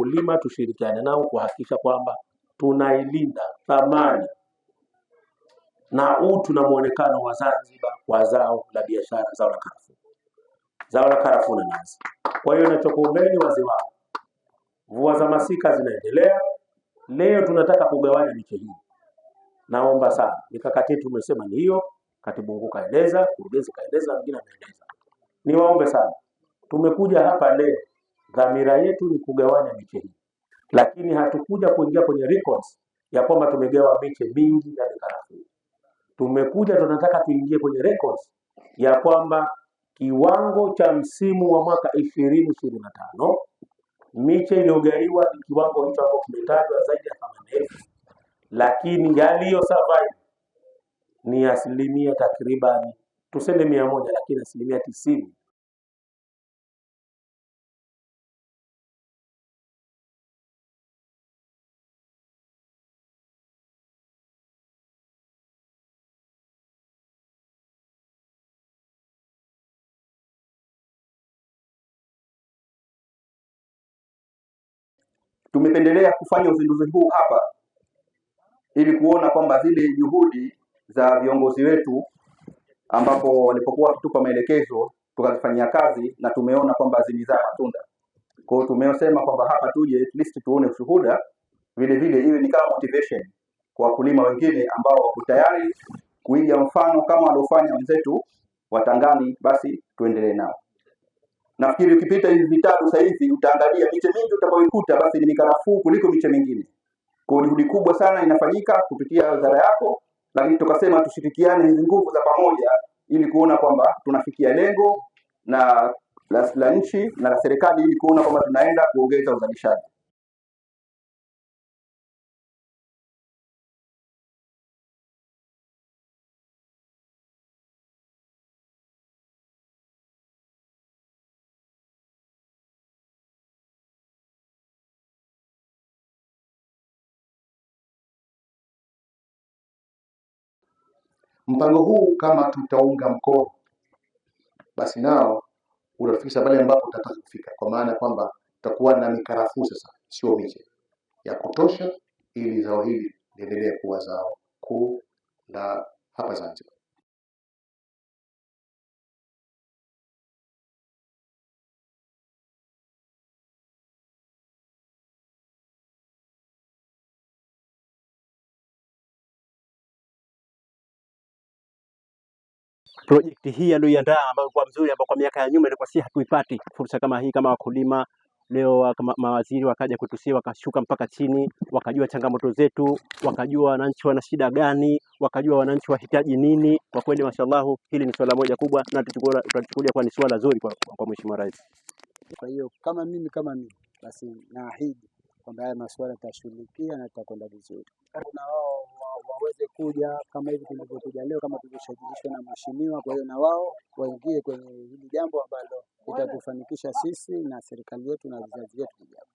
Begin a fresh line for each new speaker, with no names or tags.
wakulima tushirikiane nao kuhakikisha kwamba tunailinda thamani na utu na muonekano wa Zanzibar kwa zao la biashara, zao la karafuu, zao la karafuu na nazi. Kwa hiyo nachokuombeni wazee wangu, mvua za masika zinaendelea, leo tunataka kugawanya miche hii. Naomba sana, mikakati yetu tumesema ni hiyo, katibu mkuu kaeleza, mkurugenzi kaeleza, mwingine ameeleza. Niwaombe sana, tumekuja hapa leo Dhamira yetu ni kugawanya miche hii, lakini hatukuja kuingia kwenye records ya kwamba tumegawa miche mingi ya mikarafuu. Tumekuja tunataka tuingie kwenye records ya kwamba kiwango cha msimu wa mwaka ishirini ishirini na tano miche iliyogaiwa ni kiwango hicho ambacho kimetajwa zaidi ya themanini elfu, lakini yaliyo survive ni asilimia takribani tuseme mia moja, lakini asilimia tisini Tumependelea kufanya uzinduzi huu hapa ili kuona kwamba zile juhudi za viongozi wetu ambapo walipokuwa wakitupa maelekezo tukazifanyia kazi na tumeona kwamba zilizaa matunda. Kwa hiyo tumesema kwamba hapa tuje at least tuone ushuhuda, vile vile iwe ni kama motivation kwa wakulima wengine ambao wako tayari kuiga mfano kama waliofanya wenzetu Watangani, basi tuendelee nao. Nafikiri ukipita hivi vitabu sasa hivi utaangalia miche mingi utakayoikuta basi ni mikarafuu kuliko miche mingine. Kwa juhudi kubwa sana inafanyika kupitia wizara yako, lakini tukasema tushirikiane hizi nguvu za pamoja ili kuona kwamba tunafikia lengo na la, la nchi na la serikali ili kuona kwamba tunaenda kuongeza uzalishaji. Mpango huu kama tutaunga mkono, basi nao utafikisha pale ambapo utataka kufika, kwa maana kwamba tutakuwa na mikarafuu sasa, sio miche ya kutosha, ili zao hili liendelee kuwa zao kuu la hapa Zanzibar.
projekti hii aliyoiandaa ambayo kwa mzuri, ambayo kwa miaka ya nyuma ilikuwa si hatuipati fursa kama hii, kama wakulima leo kama mawaziri wakaja kutusia, wakashuka mpaka chini, wakajua changamoto zetu, wakajua wananchi wana shida gani, wakajua wananchi wahitaji nini. Kwa kweli mashallahu, hili ni swala moja kubwa na tutachukulia kuwa ni swala zuri kwa, kwa Mheshimiwa Rais.
Kwa hiyo kama mimi kama mimi basi naahidi kwamba haya masuala yatashughulikia na tutakwenda vizuri, na wao waweze kuja kama hivi tulivyokuja leo, kama tulivyoshajilishwa na mheshimiwa. Kwa hiyo na wao waingie kwenye hili jambo ambalo litatufanikisha sisi na serikali yetu na vizazi vyetu vijavyo.